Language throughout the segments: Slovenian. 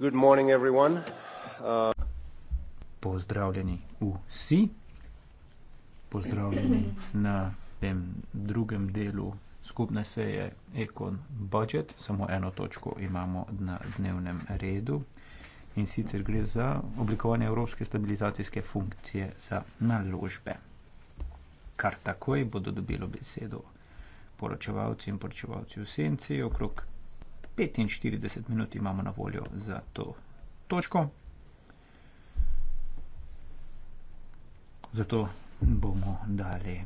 Good morning, everyone. Pozdravljeni vsi. Pozdravljeni na tem drugem delu skupne seje Econ Budget. Samo eno točko imamo na dnevnem redu. In sicer gre za oblikovanje evropske stabilizacijske funkcije za naložbe. Kar takoj bodo dobilo besedo poročevalci in poročevalci v senci okrog 45 minut imamo na voljo za to točko. Zato bomo dali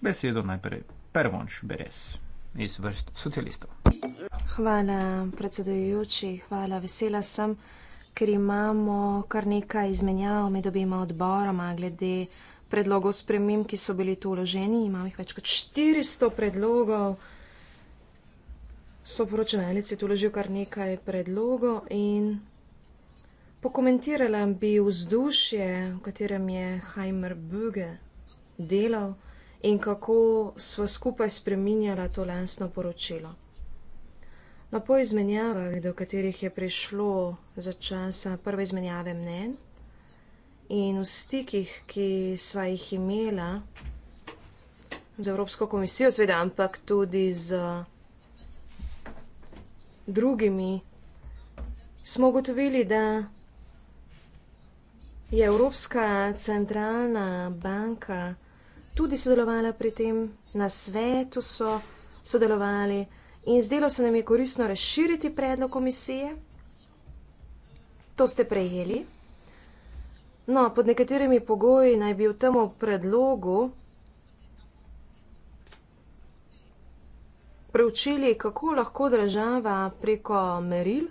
besedo najprej Pervonš Beres iz vrst socialistov. Hvala, predsedujoči, hvala, vesela sem, ker imamo kar nekaj izmenjav med obima odboroma glede predlogov spremem, ki so bili tu uloženi. Imam jih več kot 400 predlogov. So poročevalec je tu uložil kar nekaj predlogov in pokomentirala bi vzdušje, v katerem je Heimer Böge delal in kako smo skupaj spreminjala to lansko poročilo. Na po izmenjavah, do katerih je prišlo za časa prve izmenjave mnen, in v stikih, ki sva jih imela z Evropsko komisijo, seveda, ampak tudi z drugimi, smo ugotovili, da je Evropska centralna banka tudi sodelovala pri tem, na svetu so sodelovali in zdelo se nam je koristno razširiti predlog komisije. To ste prejeli. No, pod nekaterimi pogoji naj bi v tem predlogu preučili, kako lahko država preko meril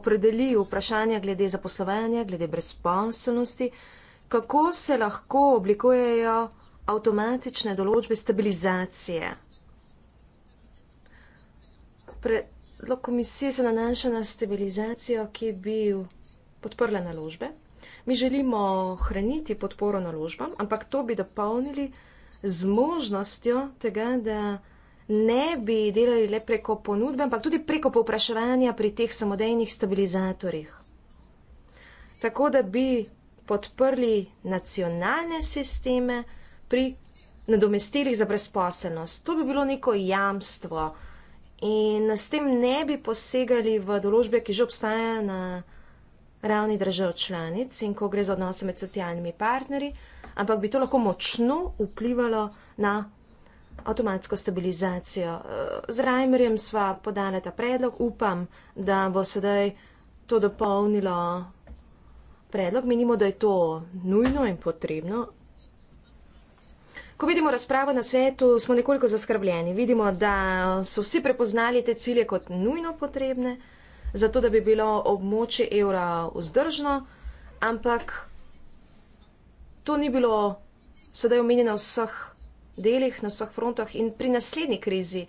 opredeli vprašanja glede zaposlovanja, glede brezposelnosti, kako se lahko oblikujejo avtomatične določbe stabilizacije. Predlog komisije se nanaša na stabilizacijo, ki bi podprla naložbe. Mi želimo hraniti podporo naložbam, ampak to bi dopolnili z možnostjo tega, da ne bi delali le preko ponudbe, ampak tudi preko povpraševanja pri teh samodejnih stabilizatorjih. Tako da bi podprli nacionalne sisteme pri nadomestilih za brezposelnost. To bi bilo neko jamstvo in s tem ne bi posegali v določbe, ki že obstajajo na ravni držav članic in ko gre za odnose med socialnimi partnerji, ampak bi to lahko močno vplivalo na avtomatsko stabilizacijo. Eh, z Reimerjem sva podala ta predlog, upam, da bo sedaj to dopolnilo predlog. Menimo, da je to nujno in potrebno. Ko vidimo razpravo na svetu, smo nekoliko zaskrbljeni. Vidimo, da so vsi prepoznali te cilje kot nujno potrebne zato da bi bilo območje evra vzdržno, ampak to ni bilo sedaj omenjeno na vseh delih, na vseh frontah in pri naslednji krizi,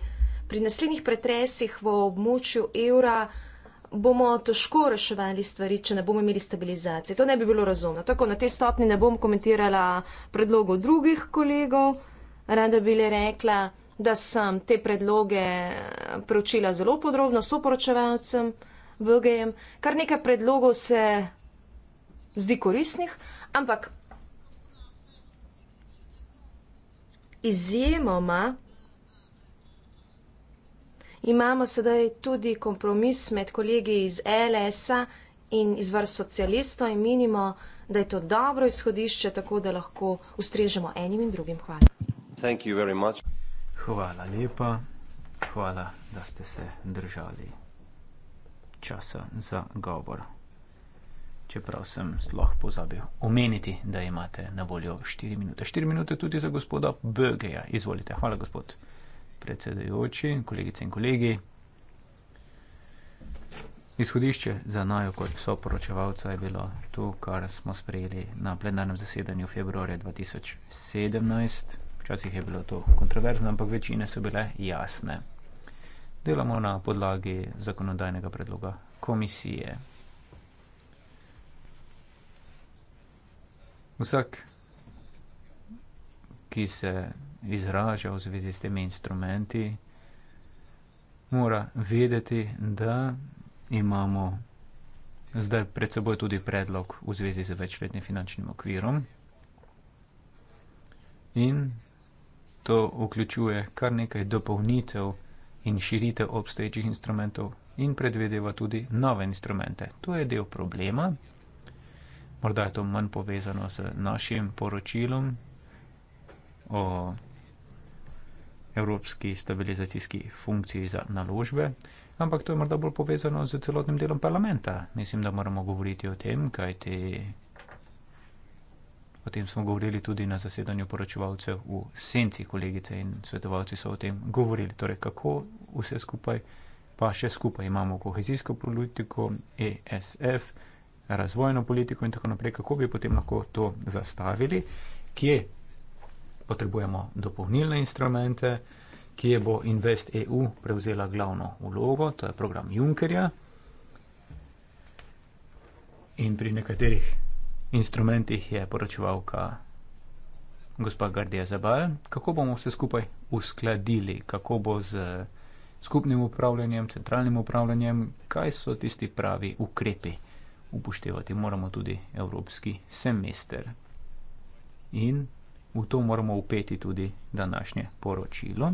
pri naslednjih pretresih v območju evra bomo težko reševali stvari, če ne bomo imeli stabilizacije. To ne bi bilo razumno. Tako na tej stopni ne bom komentirala predlogov drugih kolegov, rada bi le rekla, da da sem te predloge preučila zelo podrobno s oporočevalcem VGM, kar nekaj predlogov se zdi korisnih, ampak izjemoma imamo sedaj tudi kompromis med kolegi iz LS-a in iz vrst socialistov in menimo, da je to dobro izhodišče, tako da lahko ustrežemo enim in drugim. Hvala. Hvala lepa. Hvala, da ste se držali časa za govor. Čeprav sem sploh pozabil omeniti, da imate na voljo 4 minute. 4 minute tudi za gospoda Bögeja. Izvolite. Hvala, gospod predsedujoči, kolegice in kolegi. Izhodišče za najo kot soporočevalca je bilo to, kar smo sprejeli na plenarnem zasedanju februarja 2017. Včasih je bilo to kontroverzno, ampak večine so bile jasne. Delamo na podlagi zakonodajnega predloga komisije. Vsak, ki se izraža v zvezi s temi instrumenti, mora vedeti, da imamo zdaj pred seboj tudi predlog v zvezi z večletnim finančnim okvirom. In to vključuje kar nekaj dopolnitev in širitev obstoječih instrumentov in predvedeva tudi nove instrumente. To je del problema. Morda je to manj povezano z našim poročilom o Evropski stabilizacijski funkciji za naložbe, ampak to je morda bolj povezano z celotnim delom parlamenta. Mislim, da moramo govoriti o tem, kaj ti potem smo govorili tudi na zasedanju poročevalcev v senci, kolegice in svetovalci so o tem govorili, torej kako vse skupaj, pa še skupaj imamo kohezijsko politiko, ESF, razvojno politiko in tako naprej, kako bi potem lahko to zastavili, kje potrebujemo dopolnilne instrumente, kje bo Invest EU prevzela glavno vlogo, to je program Junkerja. In pri nekaterih instrumentih je poročevalka gospa Gardija Zabal. Kako bomo vse skupaj uskladili, kako bo z skupnim upravljanjem, centralnim upravljanjem, kaj so tisti pravi ukrepi upoštevati. Moramo tudi evropski semester. In v to moramo upeti tudi današnje poročilo.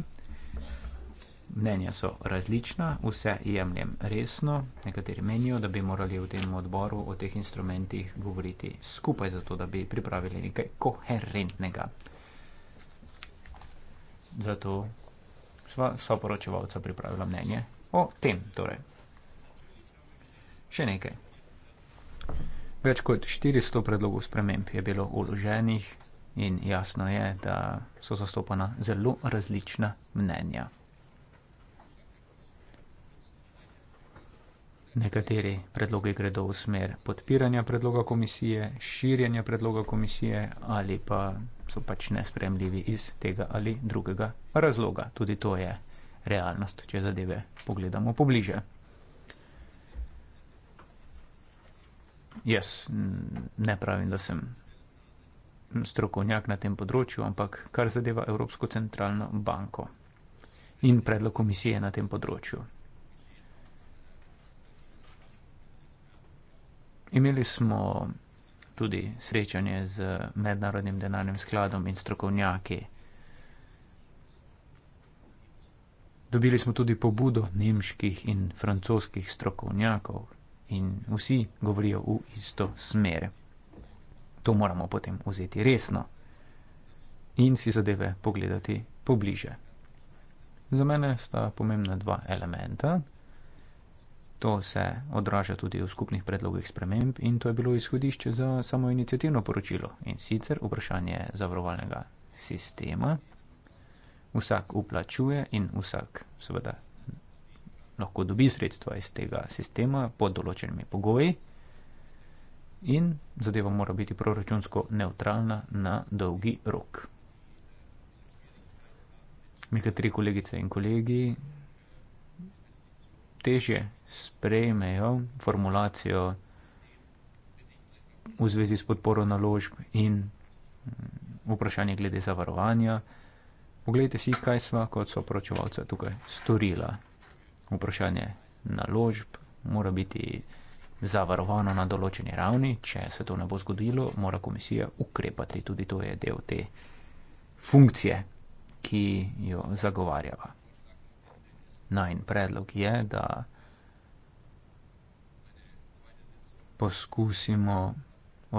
Mnenja so različna, vse jemljem resno. Nekateri menijo, da bi morali v tem odboru o teh instrumentih govoriti skupaj, zato da bi pripravili nekaj koherentnega. Zato sva soporočevalca pripravila mnenje o tem. Torej. Še nekaj. Več kot 400 predlogov sprememb je bilo uloženih in jasno je, da so zastopana zelo različna mnenja. Nekateri predlogi gredo v smer podpiranja predloga komisije, širjenja predloga komisije ali pa so pač nespremljivi iz tega ali drugega razloga. Tudi to je realnost, če zadeve pogledamo pobliže. Jaz ne pravim, da sem strokovnjak na tem področju, ampak kar zadeva Evropsko centralno banko in predlog komisije na tem področju. Imeli smo tudi srečanje z Mednarodnim denarnim skladom in strokovnjaki. Dobili smo tudi pobudo nemških in francoskih strokovnjakov in vsi govorijo v isto smer. To moramo potem vzeti resno in si zadeve pogledati pobliže. Za mene sta pomembna dva elementa. To se odraža tudi v skupnih predlogih sprememb in to je bilo izhodišče za samo inicijativno poročilo in sicer vprašanje zavarovalnega sistema. Vsak uplačuje in vsak seveda lahko dobi sredstva iz tega sistema pod določenimi pogoji in zadeva mora biti proračunsko neutralna na dolgi rok. Nekateri kolegice in kolegi težje sprejmejo formulacijo v zvezi s podporo naložb in mm, vprašanje glede zavarovanja. Poglejte si, kaj sva kot soporočevalca tukaj storila. Vprašanje naložb mora biti zavarovano na določeni ravni. Če se to ne bo zgodilo, mora komisija ukrepati. Tudi to je del te funkcije, ki jo zagovarjava najn predlog je, da poskusimo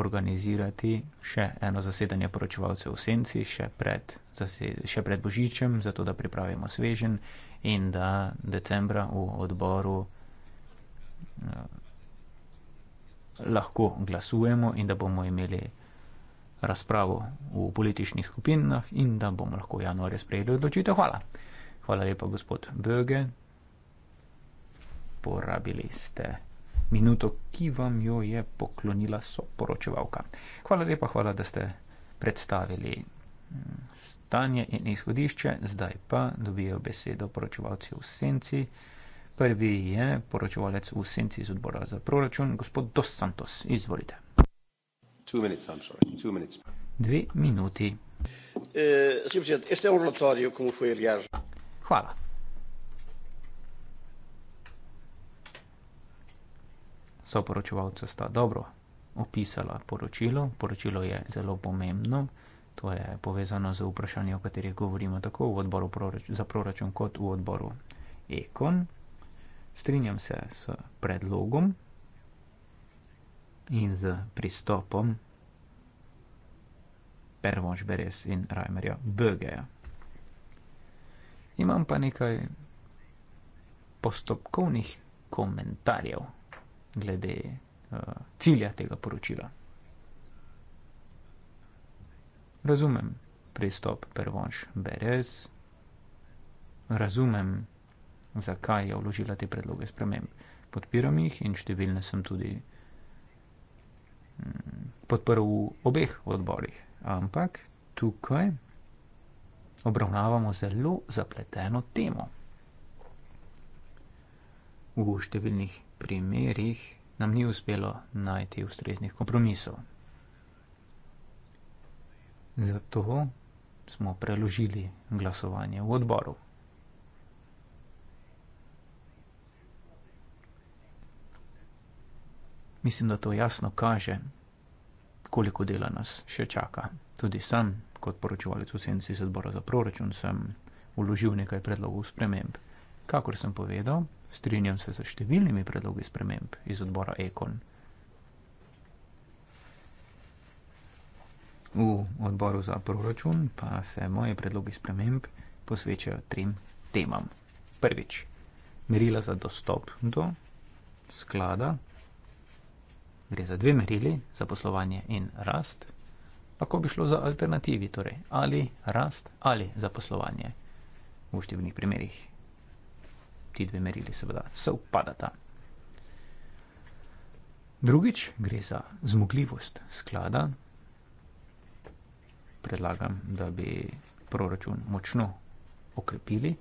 organizirati še eno zasedanje poročevalcev v senci, še pred, še pred božičem, zato da pripravimo svežen in da decembra v odboru eh, lahko glasujemo in da bomo imeli razpravo v političnih skupinah in da bomo lahko januarja sprejeli odločitev. Hvala. Hvala lepa, gospod Böge. Porabili ste minuto, ki vam jo je poklonila soporočevalka. Hvala lepa, hvala, da ste predstavili mm, stanje in izhodišče. Zdaj pa dobijo besedo poročevalci v senci. Prvi je poročevalec v senci iz odbora za proračun, gospod Dos Santos. Izvolite. Minutes, Dve minuti. Eh, Hvala. Soporočevalca sta dobro opisala poročilo. Poročilo je zelo pomembno. To je povezano z vprašanji, o katerih govorimo tako v odboru za proračun kot v odboru Ekon. Strinjam se s predlogom in z pristopom Pervonšberes in Reimerja Bögeja. Imam pa nekaj postopkovnih komentarjev glede uh, cilja tega poročila. Razumem pristop Pervonš Berez, razumem, zakaj je vložila te predloge sprememb. Podpiram jih in številne sem tudi mm, podprl v obeh odborih. Ampak tukaj obravnavamo zelo zapleteno temo. V številnih primerjih nam ni uspelo najti ustreznih kompromisov. Zato smo preložili glasovanje v odboru. Mislim, da to jasno kaže, koliko dela nas še čaka. Tudi sam kot poročevalec v senci sedbora za proračun sem uložil nekaj predlogov sprememb. Kakor sem povedal, strinjam se za številnimi predlogi sprememb iz odbora Ekon. V odboru za proračun pa se moje predlogi sprememb posvečajo trim temam. Prvič, merila za dostop do sklada. Gre za dve merili, za poslovanje in rast. Lahko bi šlo za alternativi, torej ali rast ali zaposlovanje. V številnih primerjih ti dve merili seveda sovpadata. Drugič gre za zmogljivost sklada. Predlagam, da bi proračun močno okrepili.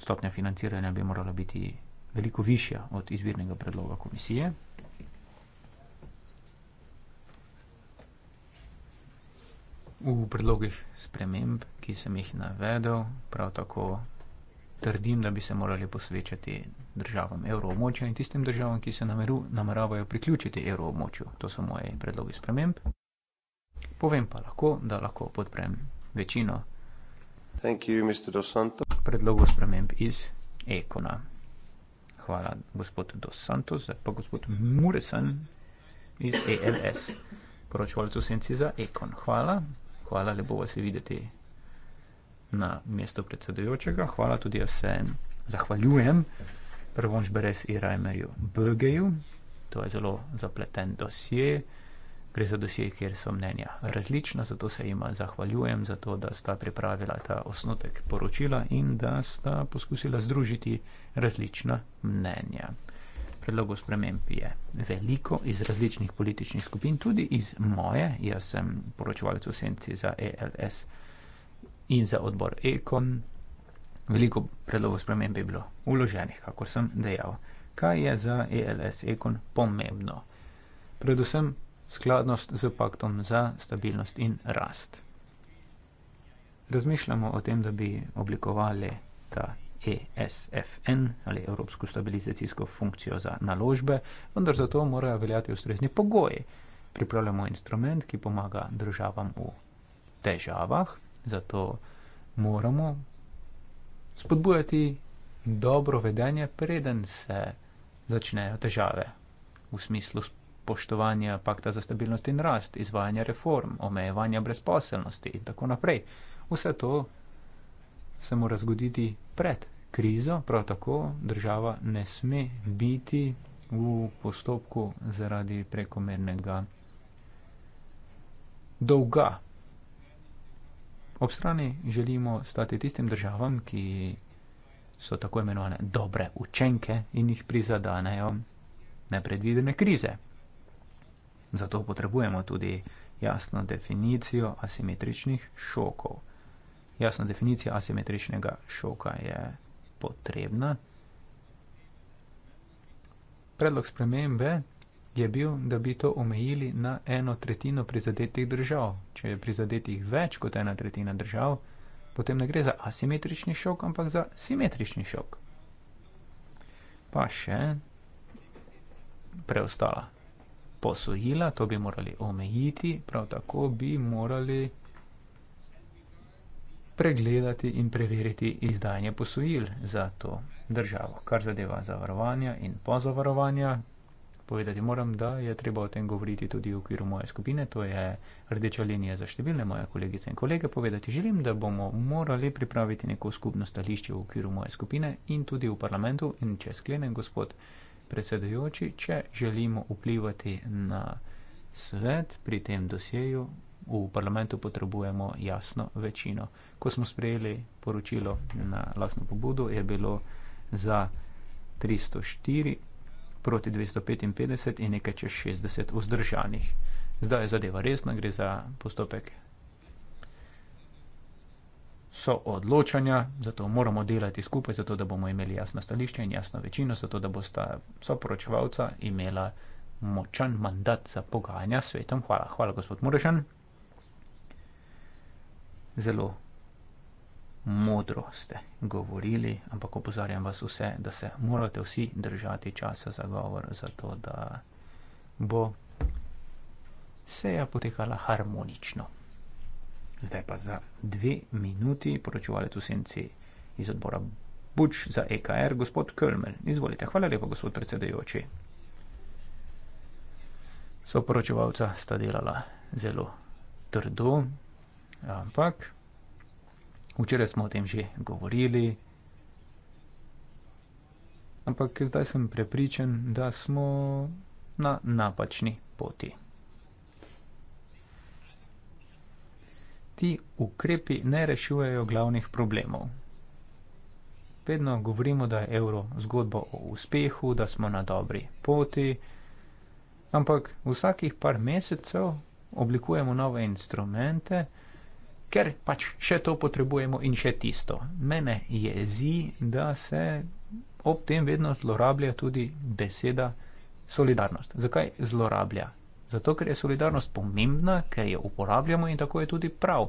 Stopnja financiranja bi morala biti veliko višja od izvirnega predloga komisije. v predlogih sprememb, ki sem jih navedel, prav tako trdim, da bi se morali posvečati državam evroobmočja in tistim državam, ki se nameru, nameravajo priključiti evroobmočju. To so moje predlogi sprememb. Povem pa lahko, da lahko podprem večino you, predlogov sprememb iz Ekona. Hvala gospodu Dos Santos, pa gospod Muresan iz ELS, poročevalcu senci za Ekon. Hvala hvala, lepo vas je videti na mestu predsedujočega. Hvala tudi jaz se zahvaljujem prvonč brez Irajmerju Bögeju. To je zelo zapleten dosje. Gre za dosje, kjer so mnenja različna, zato se jima zahvaljujem za to, da sta pripravila ta osnotek poročila in da sta poskusila združiti različna mnenja predlogov sprememb je veliko iz različnih političnih skupin, tudi iz moje. Jaz sem poročevalec v senci za ELS in za odbor Econ. Veliko predlogov sprememb je bilo uloženih, kako sem dejal. Kaj je za ELS Econ pomembno? Predvsem skladnost z paktom za stabilnost in rast. Razmišljamo o tem, da bi oblikovali ta ESFN ali Evropsko stabilizacijsko funkcijo za naložbe, vendar za to morajo veljati ustrezni pogoji. Pripravljamo instrument, ki pomaga državam v težavah, zato moramo spodbujati dobro vedenje, preden se začnejo težave v smislu spoštovanja pakta za stabilnost in rast, izvajanja reform, omejevanja brezposelnosti in tako naprej. Vse to se mora zgoditi pred krizo, prav tako država ne sme biti v postopku zaradi prekomernega dolga. Ob strani želimo stati tistim državam, ki so tako imenovane dobre učenke in jih prizadanejo nepredvidene krize. Zato potrebujemo tudi jasno definicijo asimetričnih šokov jasna definicija asimetričnega šoka je potrebna. Predlog spremembe je bil, da bi to omejili na eno tretjino prizadetih držav. Če je prizadetih več kot ena tretjina držav, potem ne gre za asimetrični šok, ampak za simetrični šok. Pa še preostala posojila, to bi morali omejiti, prav tako bi morali pregledati in preveriti izdajanje posojil za to državo, kar zadeva zavarovanja in pozavarovanja. Povedati moram, da je treba o tem govoriti tudi v okviru moje skupine, to je rdeča linija za številne moje kolegice in kolege. Povedati želim, da bomo morali pripraviti neko skupno stališče v okviru moje skupine in tudi v parlamentu. In če sklenem, gospod predsedujoči, če želimo vplivati na svet pri tem dosjeju, v parlamentu potrebujemo jasno večino. Ko smo sprejeli poročilo na lastno pobudo, je bilo za 304 proti 255 in nekaj čez 60 vzdržanih. Zdaj je zadeva resna, gre za postopek so odločanja, zato moramo delati skupaj, zato da bomo imeli jasno stališče in jasno večino, zato da bosta soporočevalca imela močan mandat za pogajanja s svetom. Hvala, hvala gospod Murešan zelo modro ste govorili, ampak opozarjam vas vse, da se morate vsi držati časa za govor, zato da bo seja potekala harmonično. Zdaj pa za dve minuti poročevalec v senci iz odbora Buč za EKR, gospod Kölmel. Izvolite. Hvala lepa, gospod predsedajoči. So poročevalca sta delala zelo trdo, Ampak včeraj smo o tem že govorili. Ampak zdaj sem prepričan, da smo na napačni poti. Ti ukrepi ne rešujejo glavnih problemov. Vedno govorimo, da je evro zgodba o uspehu, da smo na dobri poti, ampak vsakih par mesecev oblikujemo nove instrumente, ker pač še to potrebujemo in še tisto. Mene jezi, da se ob tem vedno zlorablja tudi beseda solidarnost. Zakaj zlorablja? Zato, ker je solidarnost pomembna, ker jo uporabljamo in tako je tudi prav.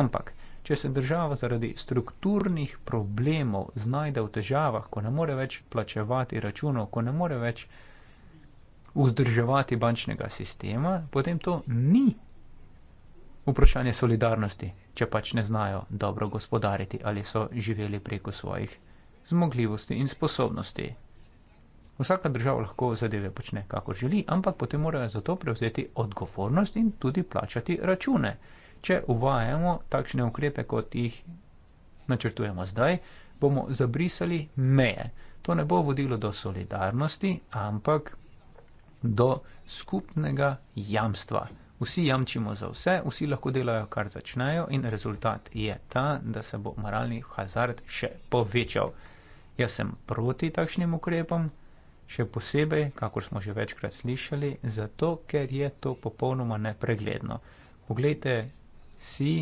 Ampak, če se država zaradi strukturnih problemov znajde v težavah, ko ne more več plačevati računov, ko ne more več vzdrževati bančnega sistema, potem to ni vprašanje solidarnosti, če pač ne znajo dobro gospodariti ali so živeli preko svojih zmogljivosti in sposobnosti. Vsaka država lahko zadeve počne, kako želi, ampak potem morajo za to prevzeti odgovornost in tudi plačati račune. Če uvajamo takšne ukrepe, kot jih načrtujemo zdaj, bomo zabrisali meje. To ne bo vodilo do solidarnosti, ampak do skupnega jamstva. Vsi jamčimo za vse, vsi lahko delajo, kar začnejo, in rezultat je ta, da se bo moralni hazard še povečal. Jaz sem proti takšnim ukrepom, še posebej, kako smo že večkrat slišali, zato ker je to popolnoma nepregledno. Poglejte si,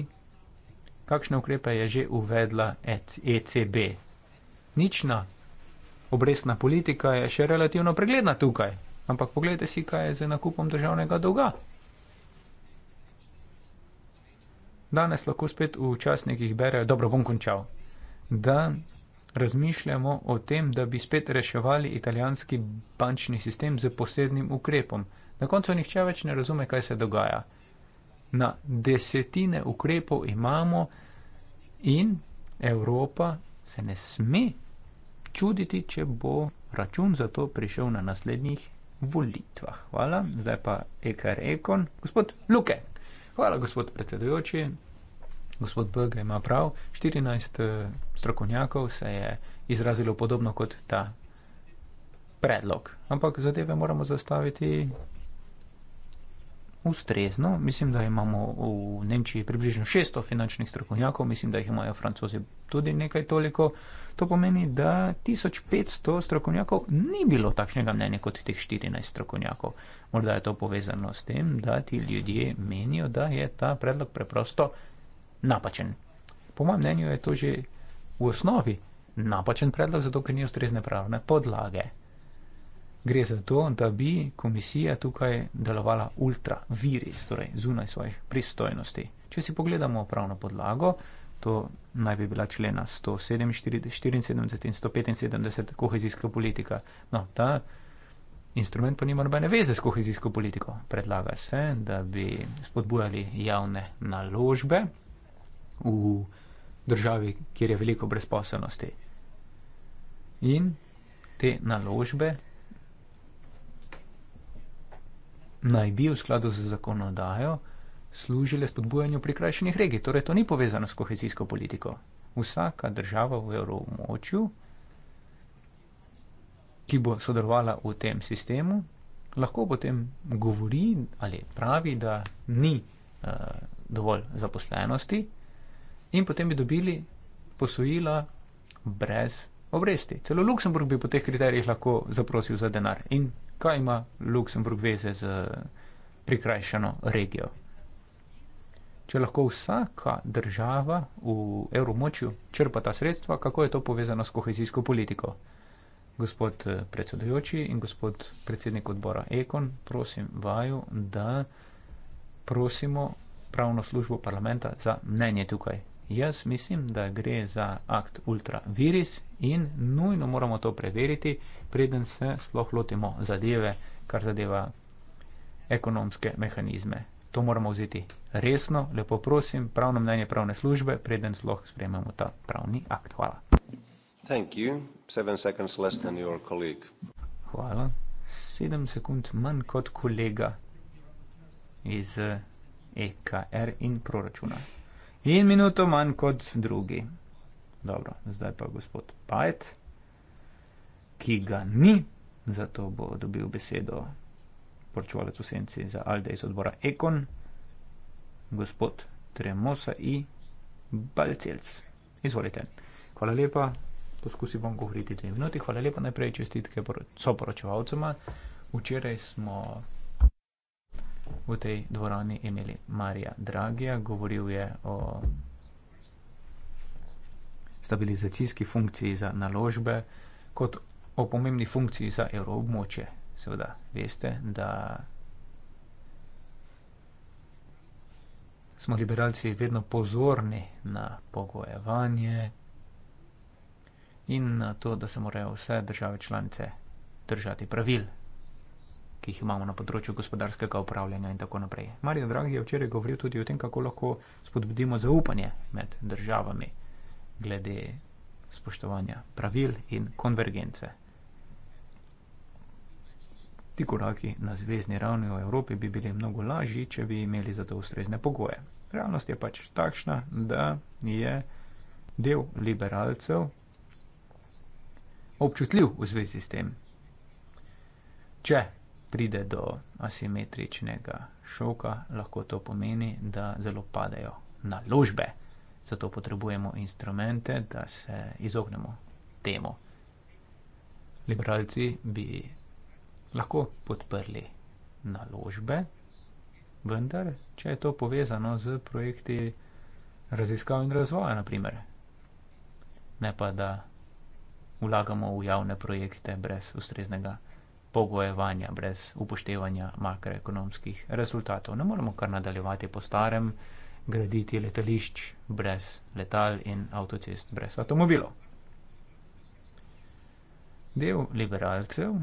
kakšne ukrepe je že uvedla ECB. Nična obrestna politika je še relativno pregledna tukaj, ampak poglejte si, kaj je z nakupom državnega dolga. danes lahko spet v časnikih berejo, dobro bom končal, da razmišljamo o tem, da bi spet reševali italijanski bančni sistem z posebnim ukrepom. Na koncu nihče več ne razume, kaj se dogaja. Na desetine ukrepov imamo in Evropa se ne sme čuditi, če bo račun za to prišel na naslednjih volitvah. Hvala, zdaj pa Ekar Ekon. Gospod Luke. Hvala, gospod predsedujoči. Gospod Bega ima prav. 14 eh, strokovnjakov se je izrazilo podobno kot ta predlog. Ampak zadeve moramo zastaviti ustrezno. Mislim, da imamo v Nemčiji približno 600 finančnih strokovnjakov, mislim, da jih imajo francozi tudi nekaj toliko. To pomeni, da 1500 strokovnjakov ni bilo takšnega mnenja kot teh 14 strokovnjakov. Morda je to povezano s tem, da ti ljudje menijo, da je ta predlog preprosto napačen. Po mojem mnenju je to že v osnovi napačen predlog, zato ker ni ustrezne pravne podlage gre za to, da bi komisija tukaj delovala ultra viris, torej zunaj svojih pristojnosti. Če si pogledamo pravno podlago, to naj bi bila člena 174 in 175 kohezijska politika. No, ta instrument pa nima nobene veze s kohezijsko politiko. Predlaga se, da bi spodbujali javne naložbe v državi, kjer je veliko brezposobnosti. In te naložbe naj bi v skladu z zakonodajo služile spodbujanju prikrajšanih regij. Torej, to ni povezano s kohezijsko politiko. Vsaka država v evroobmočju, ki bo sodelovala v tem sistemu, lahko potem govori ali pravi, da ni uh, dovolj zaposlenosti, in potem bi dobili posojila brez obresti. Celo Luksemburg bi po teh kriterijih lahko zaprosil za denar in kaj ima Luksemburg veze z eh, prikrajšano regijo? Če lahko vsaka država v evromočju črpa ta sredstva, kako je to povezano s kohezijsko politiko? Gospod eh, predsedujoči in gospod predsednik odbora Ekon, prosim vaju, da prosimo pravno službo parlamenta za mnenje tukaj. Jaz mislim, da gre za akt ultra viris in nujno moramo to preveriti, preden se sploh lotimo zadeve, kar zadeva ekonomske mehanizme. To moramo vzeti resno, lepo prosim, pravno mnenje pravne službe, preden sploh sprejmemo ta pravni akt. Hvala. Hvala. Sedem sekund manj kot kolega iz EKR eh, e in proračuna in minuto manj kot drugi. Dobro, zdaj pa gospod Pajet, ki ga ni, zato bo dobil besedo poročevalec v senci za Alde iz odbora Ekon, gospod Tremosa i Balcelc. Izvolite. Hvala lepa, poskusi bom govoriti dve minuti. Hvala lepa najprej čestitke soporočevalcema. Včeraj smo v tej dvorani imeli Marija Dragija, govoril je o stabilizacijski funkciji za naložbe kot o pomembni funkciji za evroobmoče. Seveda veste, da smo liberalci vedno pozorni na pogojevanje in na to, da se morajo vse države članice držati pravil ki jih imamo na področju gospodarskega upravljanja in tako naprej. Marijo Dragi je včeraj govoril tudi o tem, kako lahko spodbudimo zaupanje med državami glede spoštovanja pravil in konvergence. Ti koraki na zvezdni ravni v Evropi bi bili mnogo lažji, če bi imeli za to ustrezne pogoje. Realnost je pač takšna, da je del liberalcev občutljiv v zvezi s tem. Če pride do asimetričnega šoka, lahko to pomeni, da zelo padajo naložbe. Zato potrebujemo instrumente, da se izognemo temu. Liberalci bi lahko podprli naložbe, vendar, če je to povezano z projekti raziskav in razvoja, naprimer. ne pa da vlagamo v javne projekte brez ustreznega pogojevanja, brez upoštevanja makroekonomskih rezultatov. Ne moremo kar nadaljevati po starem, graditi letališč brez letal in avtocest brez avtomobilov. Del liberalcev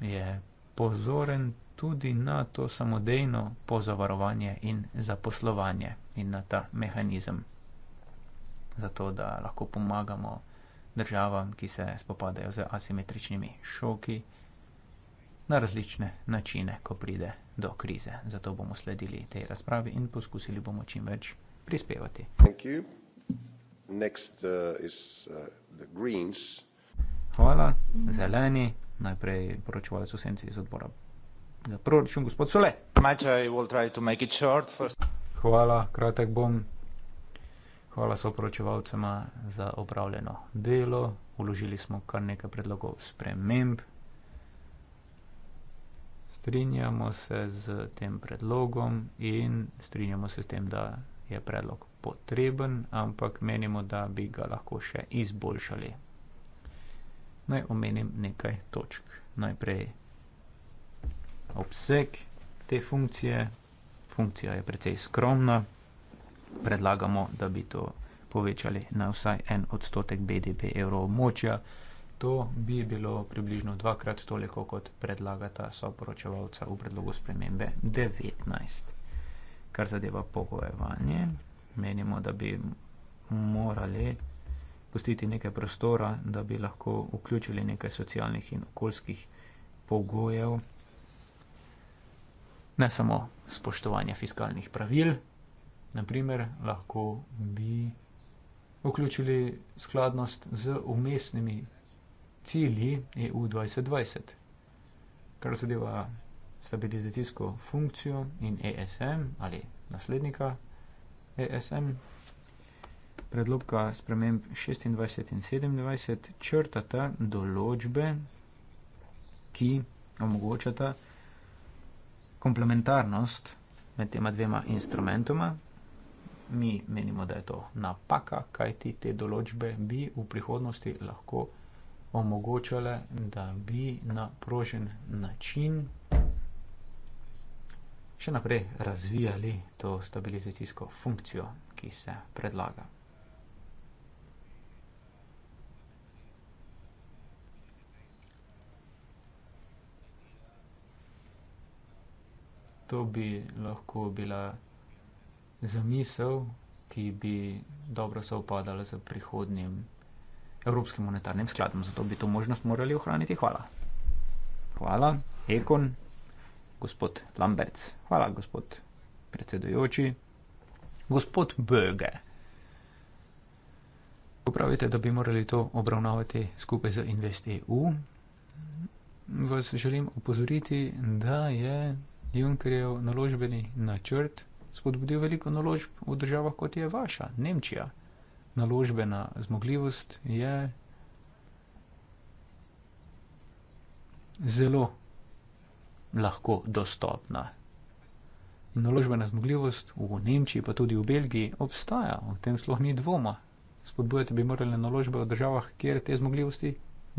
je pozoren tudi na to samodejno pozavarovanje in zaposlovanje in na ta mehanizem, zato da lahko pomagamo državam, ki se spopadajo z asimetričnimi šoki na različne načine, ko pride do krize. Zato bomo sledili tej razpravi in poskusili bomo čim več prispevati. Next, uh, is, uh, Hvala. Zeleni, najprej poročevalec osenci iz odbora. Za proračun, gospod Sole. Hvala, kratek bom. Hvala so poročevalcema za opravljeno delo. Uložili smo kar nekaj predlogov sprememb strinjamo se z tem predlogom in strinjamo se s tem, da je predlog potreben, ampak menimo, da bi ga lahko še izboljšali. Naj omenim nekaj točk. Najprej obseg te funkcije. Funkcija je precej skromna. Predlagamo, da bi to povečali na vsaj en odstotek BDP evrov močja to bi bilo približno dvakrat toliko, kot predlagata soporočevalca v predlogu spremembe 19. Kar zadeva pogojevanje, menimo, da bi morali pustiti nekaj prostora, da bi lahko vključili nekaj socialnih in okoljskih pogojev, ne samo spoštovanje fiskalnih pravil, naprimer lahko bi vključili skladnost z umestnimi cilji EU 2020. Kar zadeva stabilizacijsko funkcijo in ESM ali naslednika ESM, predloga sprememb 26 in 27 črtata določbe, ki omogočata komplementarnost med tema dvema instrumentoma. Mi menimo, da je to napaka, kajti te določbe bi v prihodnosti lahko omogočale, da bi na prožen način še naprej razvijali to stabilizacijsko funkcijo, ki se predlaga. To bi lahko bila zamisel, ki bi dobro se upadala z prihodnjim Evropskim monetarnim skladom. Zato bi to možnost morali ohraniti. Hvala. Hvala, Ekon, gospod Lamberts. Hvala, gospod predsedujoči. Gospod Böge. Pravite, da bi morali to obravnavati skupaj z InvestEU. Vas želim opozoriti, da je Junckerjev naložbeni načrt spodbudil veliko naložb v državah, kot je vaša, Nemčija naložbena zmogljivost je zelo lahko dostopna. Naložbena zmogljivost v Nemčiji, pa tudi v Belgiji, obstaja, o tem sploh ni dvoma. Spodbujati bi morali naložbe v državah, kjer te zmogljivosti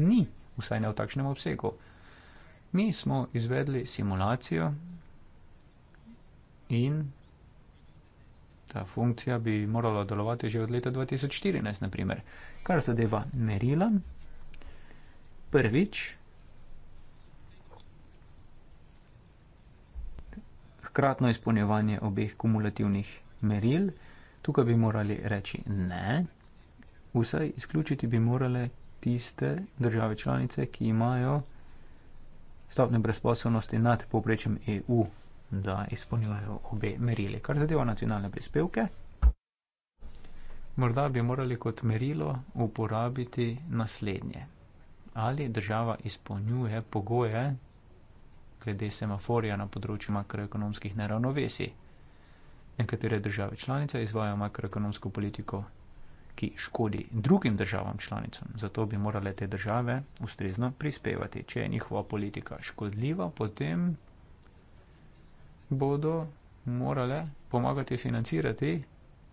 ni, vsaj ne v takšnem obsegu. Mi smo izvedli simulacijo in Ta funkcija bi morala delovati že od leta 2014, naprimer. Kar zadeva merila, prvič, hkratno izpolnjevanje obeh kumulativnih meril, tukaj bi morali reči ne, vsaj izključiti bi morale tiste države članice, ki imajo stopne brezposobnosti nad poprečjem EU da izpolnjujejo obe merili. Kar zadeva nacionalne prispevke, morda bi morali kot merilo uporabiti naslednje. Ali država izpolnjuje pogoje glede semaforija na področju makroekonomskih neravnovesij. Nekatere države članice izvajo makroekonomsko politiko, ki škodi drugim državam članicam, zato bi morale te države ustrezno prispevati. Če je njihova politika škodljiva, potem bodo morale pomagati financirati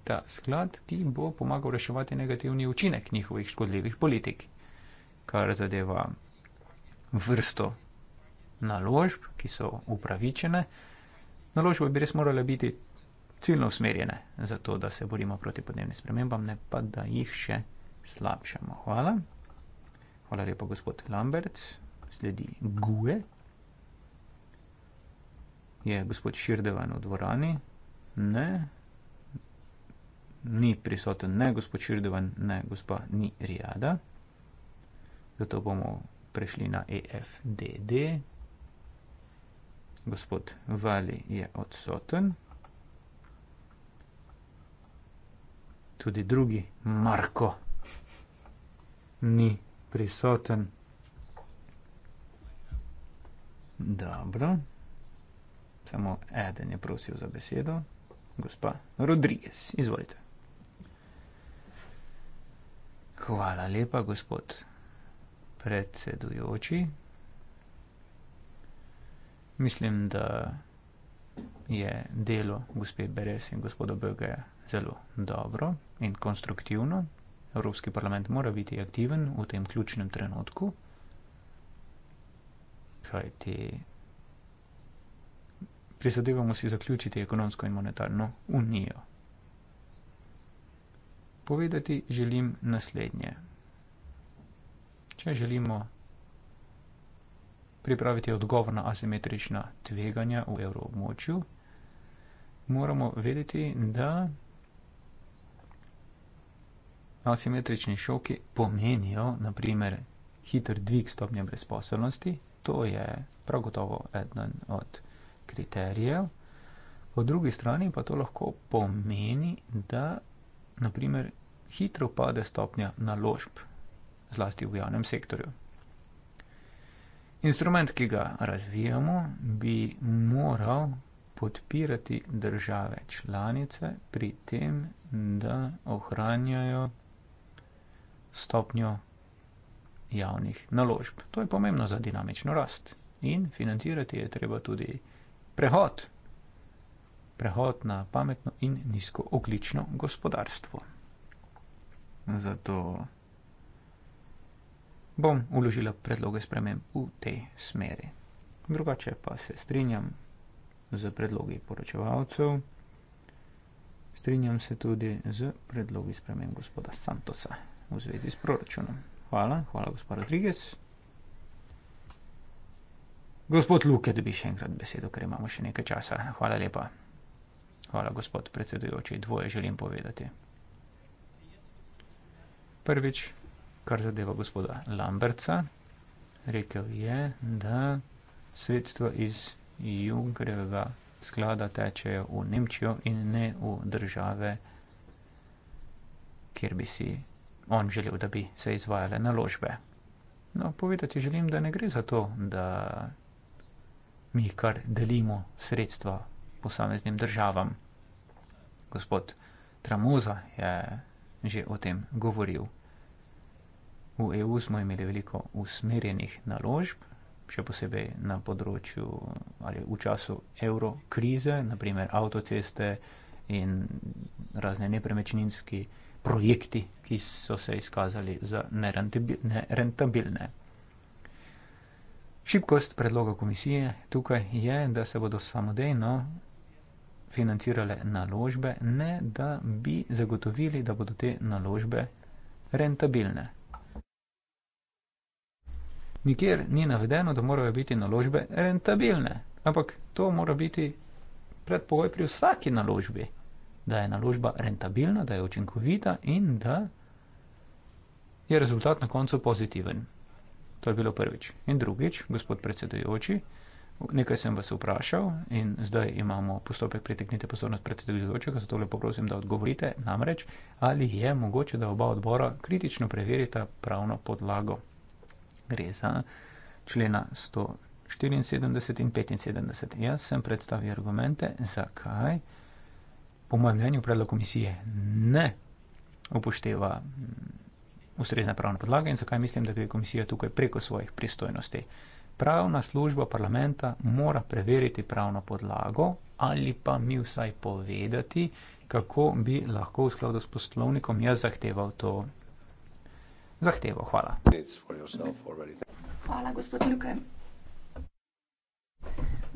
ta sklad, ki bo pomagal reševati negativni učinek njihovih škodljivih politik, kar zadeva vrsto naložb, ki so upravičene. Naložbe bi res morale biti ciljno usmerjene za to, da se borimo proti podnebnim spremembam, ne pa da jih še slabšamo. Hvala. Hvala lepa, gospod Lambert. Sledi Gue. Je gospod Širdevan v dvorani? Ne. Ni prisoten ne gospod Širdevan, ne gospa ni Rijada. Zato bomo prešli na EFDD. Gospod Vali je odsoten. Tudi drugi, Marko, ni prisoten. Dobro. Samo eden je prosil za besedo, gospa Rodriguez, izvolite. Hvala lepa, gospod predsedujoči. Mislim, da je delo gospe Beres in gospoda Bögeja zelo dobro in konstruktivno. Evropski parlament mora biti aktiven v tem ključnem trenutku, kajti prizadevamo si zaključiti ekonomsko in monetarno unijo. Povedati želim naslednje. Če želimo pripraviti odgovor na asimetrična tveganja v evroobmočju, moramo vedeti, da asimetrični šoki pomenijo, naprimer, hiter dvig stopnje brezposobnosti. To je prav gotovo eden od kriterijev. Po drugi strani pa to lahko pomeni, da naprimer hitro pade stopnja naložb, zlasti v javnem sektorju. Instrument, ki ga razvijamo, bi moral podpirati države članice pri tem, da ohranjajo stopnjo javnih naložb. To je pomembno za dinamično rast in financirati je treba tudi prehod. Prehod na pametno in nizko oglično gospodarstvo. Zato bom uložila predloge sprememb v tej smeri. Drugače pa se strinjam z predlogi poročevalcev, strinjam se tudi z predlogi sprememb gospoda Santosa v zvezi s proračunom. Hvala, hvala gospod Rodriguez. Gospod Luke, dobi še enkrat besedo, ker imamo še nekaj časa. Hvala lepa. Hvala, gospod predsedujoči. Dvoje želim povedati. Prvič, kar zadeva gospoda Lamberca, rekel je, da sredstva iz Junkerjevega sklada tečejo v Nemčijo in ne v države, kjer bi si on želel, da bi se izvajale naložbe. No, povedati želim, da ne gre za to, da mi kar delimo sredstva posameznim državam. Gospod Tramoza je že o tem govoril. V EU smo imeli veliko usmerjenih naložb, še posebej na področju ali v času evrokrize, naprimer avtoceste in razne nepremečninski projekti, ki so se izkazali za nerentabilne. Šibkost predloga komisije tukaj je, da se bodo samodejno financirale naložbe, ne da bi zagotovili, da bodo te naložbe rentabilne. Nikjer ni navedeno, da morajo biti naložbe rentabilne, ampak to mora biti predpogoj pri vsaki naložbi, da je naložba rentabilna, da je učinkovita in da je rezultat na koncu pozitiven. To je bilo prvič. In drugič, gospod predsedujoči, nekaj sem vas vprašal in zdaj imamo postopek priteknite pozornost predsedujočega, zato lepo prosim, da odgovorite namreč, ali je mogoče, da oba odbora kritično preverita pravno podlago. Gre za člena 174 in 75. Jaz sem predstavil argumente, zakaj po mojem mnenju predlog komisije ne upošteva ustrezne pravne podlage in zakaj mislim, da gre komisija tukaj preko svojih pristojnosti. Pravna služba parlamenta mora preveriti pravno podlago ali pa mi vsaj povedati, kako bi lahko v skladu s poslovnikom jaz zahteval to zahtevo. Hvala. Hvala, gospod Ljuke.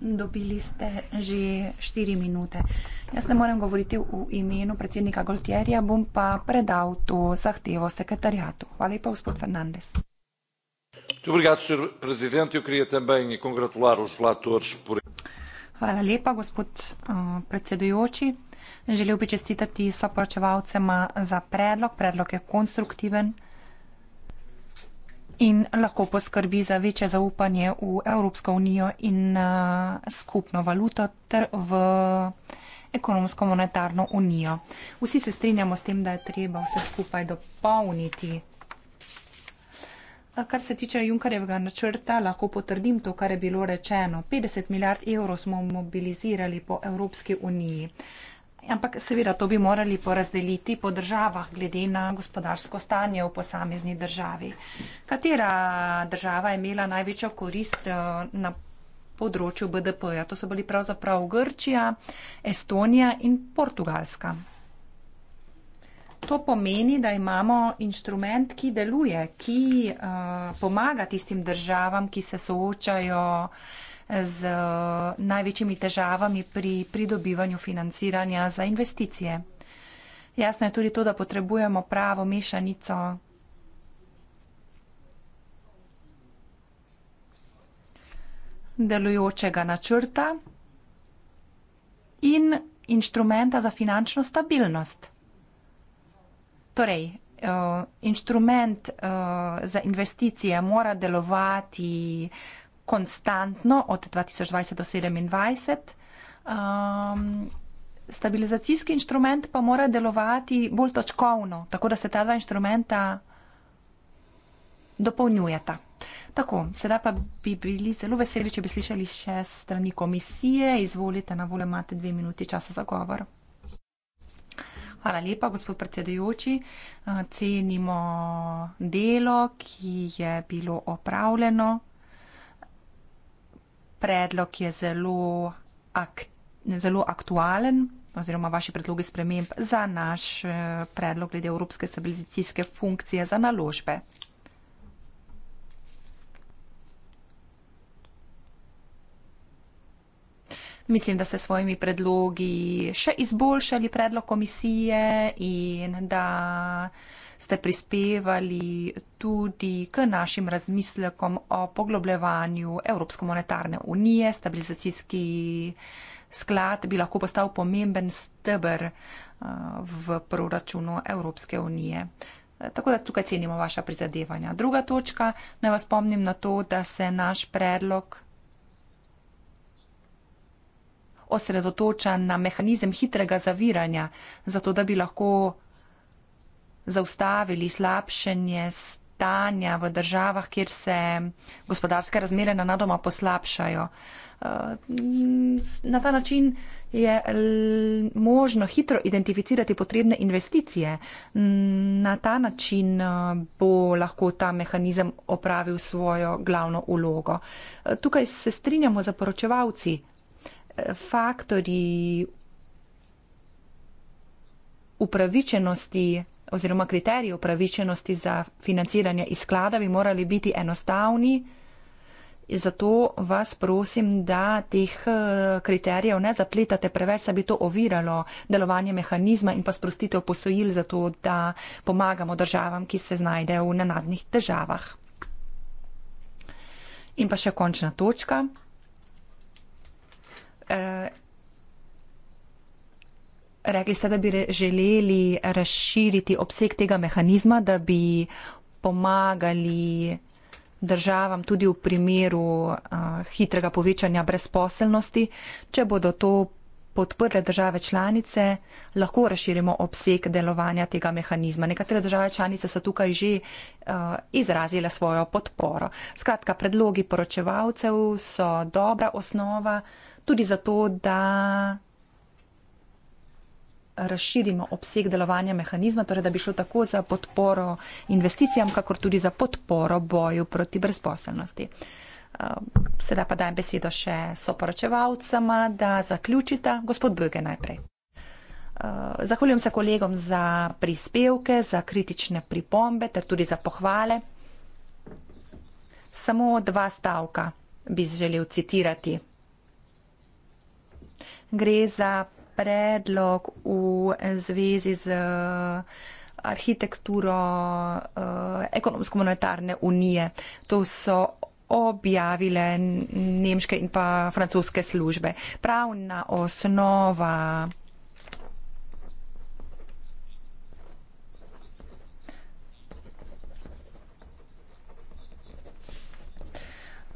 Dobili ste že štiri minute. Jaz ne morem govoriti v imenu predsednika Goltjerja, bom pa predal to zahtevo sekretarjatu. Hvala lepa, gospod Fernandez. Hvala lepa, gospod eh, predsedujoči. Želel bi čestitati soporočevalcema za predlog. Predlog je konstruktiven in lahko poskrbi za večje zaupanje v Evropsko unijo in uh, skupno valuto ter v ekonomsko-monetarno unijo. Vsi se strinjamo s tem, da je treba vse skupaj dopolniti. Kar se tiče Junkarjevega načrta, lahko potrdim to, kar je bilo rečeno. 50 milijard evrov smo mobilizirali po Evropski uniji. Ampak seveda to bi morali porazdeliti po državah, glede na gospodarsko stanje v posamezni državi. Katera država je imela največjo korist eh, na področju BDP-ja? To so bili pravzaprav Grčija, Estonija in Portugalska. To pomeni, da imamo inštrument, ki deluje, ki uh, pomaga tistim državam, ki se soočajo uh, z eh, največjimi težavami pri pridobivanju financiranja za investicije. Jasno je tudi to, da potrebujemo pravo mešanico delujočega načrta in inštrumenta za finančno stabilnost. Torej, eh, inštrument eh, za investicije mora delovati konstantno od 2020 do 2027. Um, stabilizacijski inštrument pa mora delovati bolj točkovno, tako da se ta dva inštrumenta dopolnjujeta. Tako, sedaj pa bi bili zelo veseli, če bi slišali še strani komisije. Izvolite, na voljo imate dve minuti časa za govor. Hvala lepa, gospod predsedujoči. Uh, cenimo delo, ki je bilo opravljeno predlog je zelo, ak, zelo aktualen oziroma vaši predlogi sprememb za naš eh, predlog glede Evropske stabilizacijske funkcije za naložbe. Mislim, da ste s svojimi predlogi še izboljšali predlog komisije in da ste prispevali tudi k našim razmislekom o poglobljevanju Evropske monetarne unije, stabilizacijski sklad bi lahko postal pomemben stebr eh, v proračunu Evropske unije. Eh, tako da tukaj cenimo vaša prizadevanja. Druga točka, naj vas spomnim na to, da se naš predlog osredotoča na mehanizem hitrega zaviranja, zato da bi lahko zaustavili slabšenje stanja v državah, kjer se gospodarske razmere na nadoma poslabšajo. Eh, na ta način je možno hitro identificirati potrebne investicije. Na ta način eh, bo lahko ta mehanizem opravil svojo glavno ulogo. Eh, tukaj se strinjamo za poročevalci. Faktori upravičenosti oziroma kriteriji upravičenosti za financiranje iz sklada bi morali biti enostavni. Zato vas prosim, da teh eh, kriterijev ne zapletate preveč, da bi to oviralo delovanje mehanizma in pa sprostitev posojil za to, da pomagamo državam, ki se znajdejo v nenadnih težavah. In pa še končna točka. Eh, Rekli ste, da bi želeli razširiti obseg tega mehanizma, da bi pomagali državam tudi v primeru uh, hitrega povečanja brezposelnosti. Če bodo to podprle države članice, lahko razširimo obseg delovanja tega mehanizma. Nekatere države članice so tukaj že uh, izrazile svojo podporo. Skratka, predlogi poročevalcev so dobra osnova tudi zato, da razširimo obseg delovanja mehanizma, torej da bi šlo tako za podporo investicijam, kakor tudi za podporo boju proti brezposelnosti. Ehm, sedaj pa dajem besedo še soporočevalcama, da zaključita gospod Böge najprej. Ehm, zahvaljujem se kolegom za prispevke, za kritične pripombe ter tudi za pohvale. Samo dva stavka bi želel citirati. Gre za predlog v zvezi z eh, arhitekturo eh, ekonomsko-monetarne unije. To so objavile nemške in pa francoske službe. Pravna osnova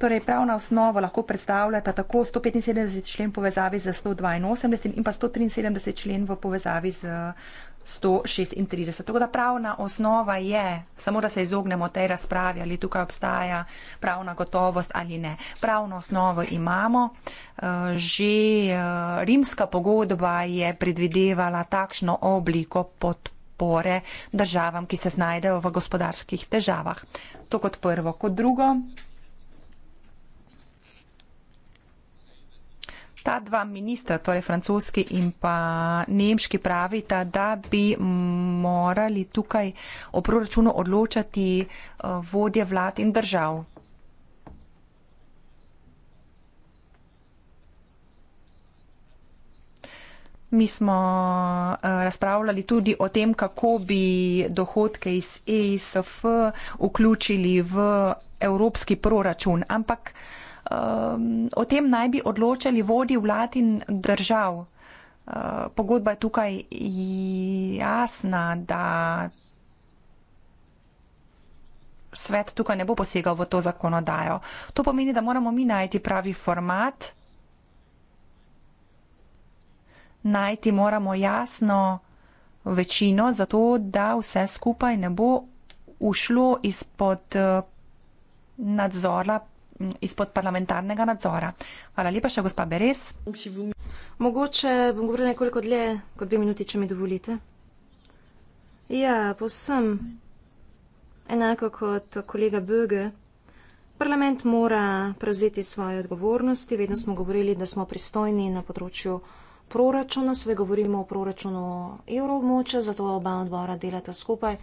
torej pravna osnova lahko predstavljata tako 175 člen povezavi z 182 in pa 173 člen v povezavi z 136. Tako da pravna osnova je, samo da se izognemo tej razpravi, ali tukaj obstaja pravna gotovost ali ne. Pravno osnovo imamo. Eh, že eh, rimska pogodba je predvidevala takšno obliko podpore državam, ki se znajdejo v gospodarskih težavah. To kot prvo. Kot drugo. Ta dva ministra, torej francoski in pa nemški, pravita, da bi morali tukaj o proračunu odločati eh, vodje vlad in držav. Mi smo eh, razpravljali tudi o tem, kako bi dohodke iz ESF vključili v evropski proračun, ampak Um, o tem naj bi odločali vodi vlad in držav. Uh, pogodba je tukaj jasna, da svet tukaj ne bo posegal v to zakonodajo. To pomeni, da moramo mi najti pravi format, najti moramo jasno večino, zato da vse skupaj ne bo ušlo izpod eh, nadzora izpod parlamentarnega nadzora. Hvala lepa še gospa Beres. Mogoče bom govorila nekoliko dlje kot dve minuti, če mi dovolite. Ja, posem enako kot kolega Böge. Parlament mora prevzeti svoje odgovornosti. Vedno smo govorili, da smo pristojni na področju proračuna. Sve govorimo o proračunu evroobmoča, zato oba odbora delata skupaj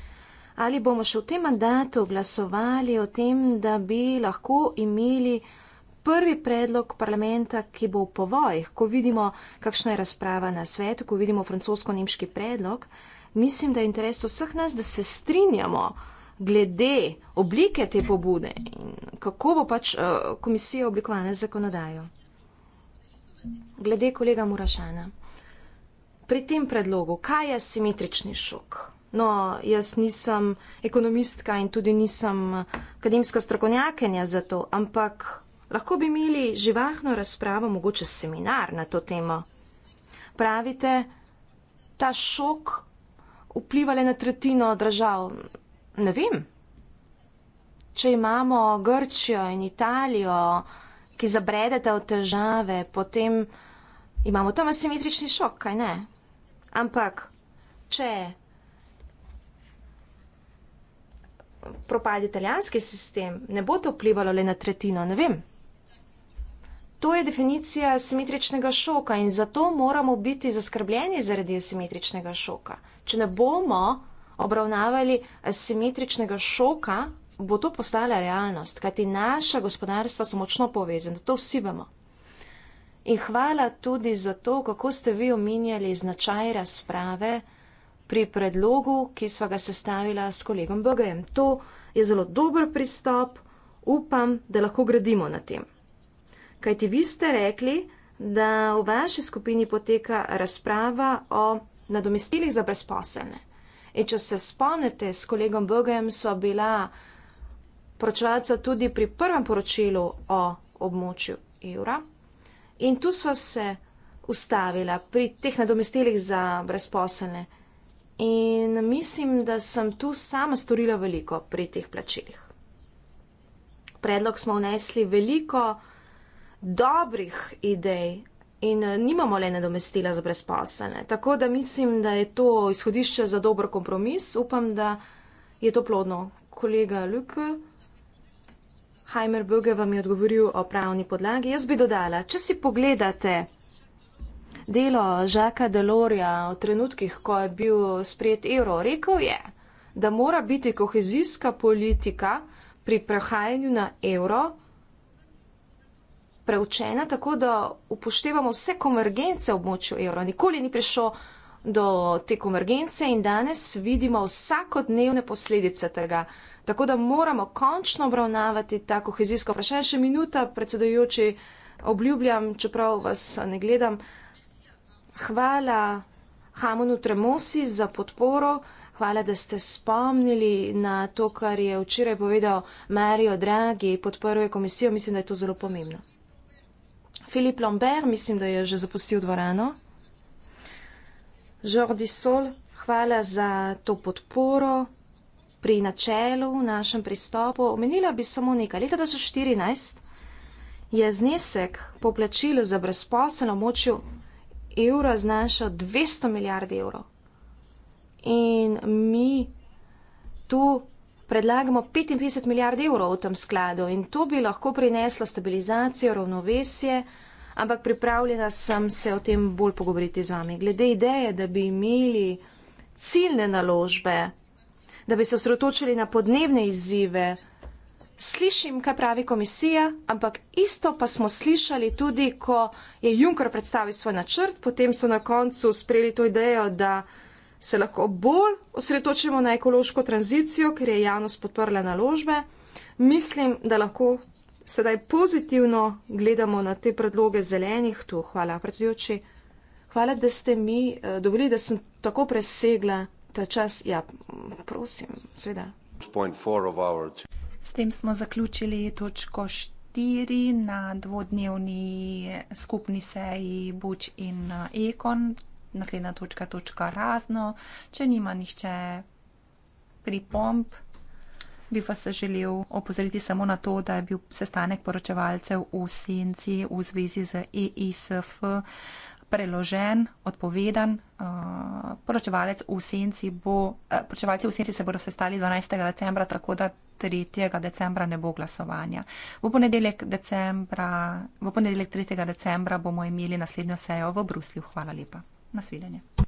ali bomo še v tem mandatu glasovali o tem, da bi lahko imeli prvi predlog parlamenta, ki bo v povojih, ko vidimo, kakšna je razprava na svetu, ko vidimo francosko-nemški predlog. Mislim, da je interes vseh nas, da se strinjamo glede oblike te pobude in kako bo pač uh, komisija oblikovala zakonodajo. Glede kolega Murašana. Pri tem predlogu, kaj je simetrični šok? No, jaz nisem ekonomistka in tudi nisem akademska strokovnjakinja za to, ampak lahko bi imeli živahno razpravo, mogoče seminar na to temo. Pravite, ta šok vplivale na tretjino držav. Ne vem. Če imamo Grčijo in Italijo, ki zabredete v težave, potem imamo tam asimetrični šok, kaj ne? Ampak, če propad italijanski sistem, ne bo to vplivalo le na tretjino, ne vem. To je definicija simetričnega šoka in zato moramo biti zaskrbljeni zaradi simetričnega šoka. Če ne bomo obravnavali eh, simetričnega šoka, bo to postala realnost, kajti naša gospodarstva so močno povezana, to vsi vemo. In hvala tudi za to, kako ste vi omenjali značaj razprave pri predlogu, ki sva ga sestavila s kolegom BGM. To je zelo dober pristop, upam, da lahko gradimo na tem. Kaj ti vi ste rekli, da v vaši skupini poteka razprava o nadomestilih za brezposelne. In če se spomnite, s kolegom BGM sva bila poročevalca tudi pri prvem poročilu o območju evra. In tu sva se ustavila pri teh nadomestilih za brezposelne. In mislim, da sem tu sama storila veliko pri teh plačilih. Predlog smo vnesli veliko dobrih idej in eh, nimamo le nadomestila za brezposelne. Tako da mislim, da je to izhodišče za dober kompromis. Upam, da je to plodno. Kolega Luke Heimerböge vam je odgovoril o pravni podlagi. Jaz bi dodala, če si pogledate delo Žaka Delorja v trenutkih, ko je bil sprejet evro, rekel je, da mora biti kohezijska politika pri prehajanju na evro preučena tako, da upoštevamo vse konvergence v območju evra. Nikoli ni prišlo do te konvergence in danes vidimo vsakodnevne posledice tega. Tako da moramo končno obravnavati ta kohezijsko vprašanje. Še minuta, predsedojoči, obljubljam, čeprav vas ne gledam. Hvala Hamonu Tremosi za podporo. Hvala, da ste spomnili na to, kar je včeraj povedal Mario Draghi, podporuje komisijo. Mislim, da je to zelo pomembno. Filip Lambert, mislim, da je že zapustil dvorano. Jordi Sol, hvala za to podporo pri načelu, našem pristopu. Omenila bi samo nekaj. Leta 2014 je znesek poplačil za brezposelno močjo evra znaša 200 milijard evrov. In mi tu predlagamo 55 milijard evrov v tem skladu in to bi lahko prineslo stabilizacijo, ravnovesje, ampak pripravljena sem se o tem bolj pogovoriti z vami. Glede ideje, da bi imeli ciljne naložbe, da bi se osredotočili na podnebne izzive, slišim, kaj pravi komisija, ampak isto pa smo slišali tudi, ko je Juncker predstavil svoj načrt, potem so na koncu sprejeli to idejo, da se lahko bolj osredotočimo na ekološko tranzicijo, ker je javnost podprla naložbe. Mislim, da lahko sedaj pozitivno gledamo na te predloge zelenih. Tu, hvala, predsedujoči. Hvala, da ste mi eh, dovolili, da sem tako presegla ta čas. Ja, prosim, seveda. S tem smo zaključili točko 4 na dvodnevni skupni seji Buč in e, Ekon. Naslednja točka, točka razno. Če nima nihče pripomp, bi vas se želel opozoriti samo na to, da je bil sestanek poročevalcev v Senci v zvezi z EISF preložen, odpovedan. Eh, poročevalec v senci bo, eh, poročevalci v senci se bodo sestali 12. decembra, tako da 3. decembra ne bo glasovanja. V ponedeljek, decembra, v ponedeljek 3. decembra bomo imeli naslednjo sejo v Bruslju. Hvala lepa. Nasvidenje.